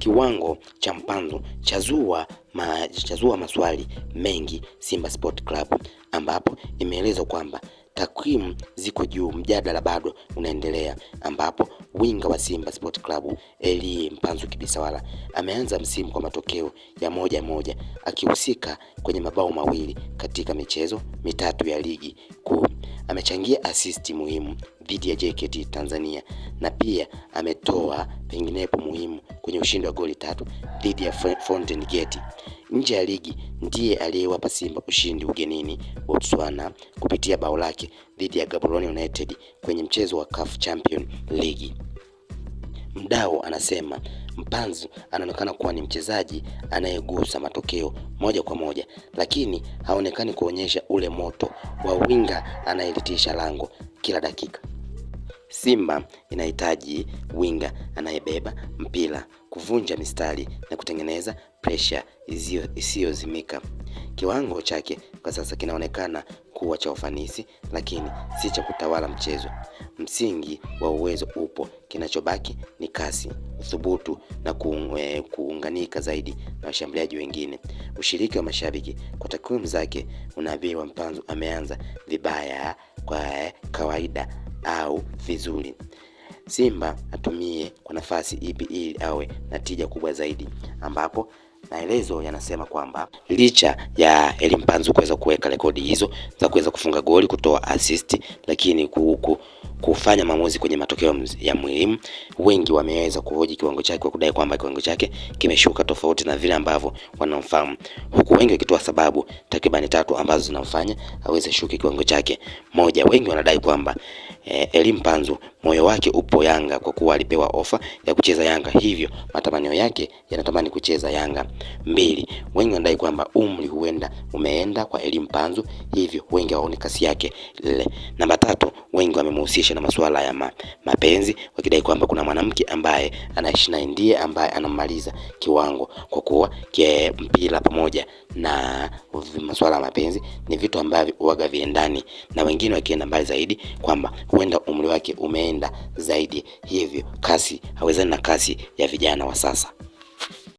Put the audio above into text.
kiwango cha mpanzo chazua, ma, chazua maswali mengi Simba Sport Club, ambapo imeelezwa kwamba takwimu ziko juu, mjadala bado unaendelea, ambapo winga wa Simba Sport Club Eli Mpanzu Kibisawala ameanza msimu kwa matokeo ya moja moja akihusika kwenye mabao mawili katika michezo mitatu ya ligi kuu. Amechangia asisti muhimu dhidi ya JKT Tanzania na pia ametoa penginepo muhimu kwenye ushindi wa goli tatu dhidi ya Fountain Gate. Nje ya ligi ndiye aliyewapa Simba ushindi ugenini Botswana kupitia bao lake dhidi ya Gaborone United kwenye mchezo wa CAF Champion League. Mdao anasema Mpanzu anaonekana kuwa ni mchezaji anayegusa matokeo moja kwa moja, lakini haonekani kuonyesha ule moto wa winga anayelitisha lango kila dakika. Simba inahitaji winga anayebeba mpira, kuvunja mistari na kutengeneza presha isiyozimika. Kiwango chake kwa sasa kinaonekana kuwa cha ufanisi, lakini si cha kutawala mchezo. Msingi wa uwezo upo, kinachobaki ni kasi, uthubutu na eh, kuunganika zaidi na washambuliaji wengine. Ushiriki wa mashabiki kwa takwimu zake unaviwa Mpanzu ameanza vibaya kwa eh, kawaida au vizuri. Simba atumie kwa nafasi ipi ili awe na tija kubwa zaidi, ambapo maelezo yanasema kwamba licha ya Eli Mpanzu kuweza kuweka rekodi hizo za kuweza kufunga goli, kutoa assist, lakini kuku, kufanya maamuzi kwenye matokeo ya muhimu wengi wameweza kuhoji kiwango chake kwa kudai kwamba kiwango chake kimeshuka tofauti na vile ambavyo wanamfahamu, huku wengi wakitoa sababu takribani tatu ambazo zinamfanya aweze shuke kiwango chake. Moja, wengi wanadai kwamba eh, Elim Panzu moyo wake upo Yanga kwa kuwa alipewa ofa ya kucheza Yanga, hivyo matamanio yake yanatamani kucheza Yanga. Mbili, wengi wanadai kwamba umri huenda umeenda kwa Elim Panzu, hivyo wengi hawaoni kasi yake lile. Namba tatu, wengi wamemhusisha na masuala ya ma, mapenzi wakidai kwamba kuna mwanamke ambaye anaishi naye ndiye ambaye anamaliza kiwango, kwa kuwa mpira pamoja na masuala ya mapenzi ni vitu ambavyo huaga viendani, na wengine wakienda mbali zaidi kwamba huenda umri wake umeenda zaidi, hivyo kasi hawezani na kasi ya vijana wa sasa.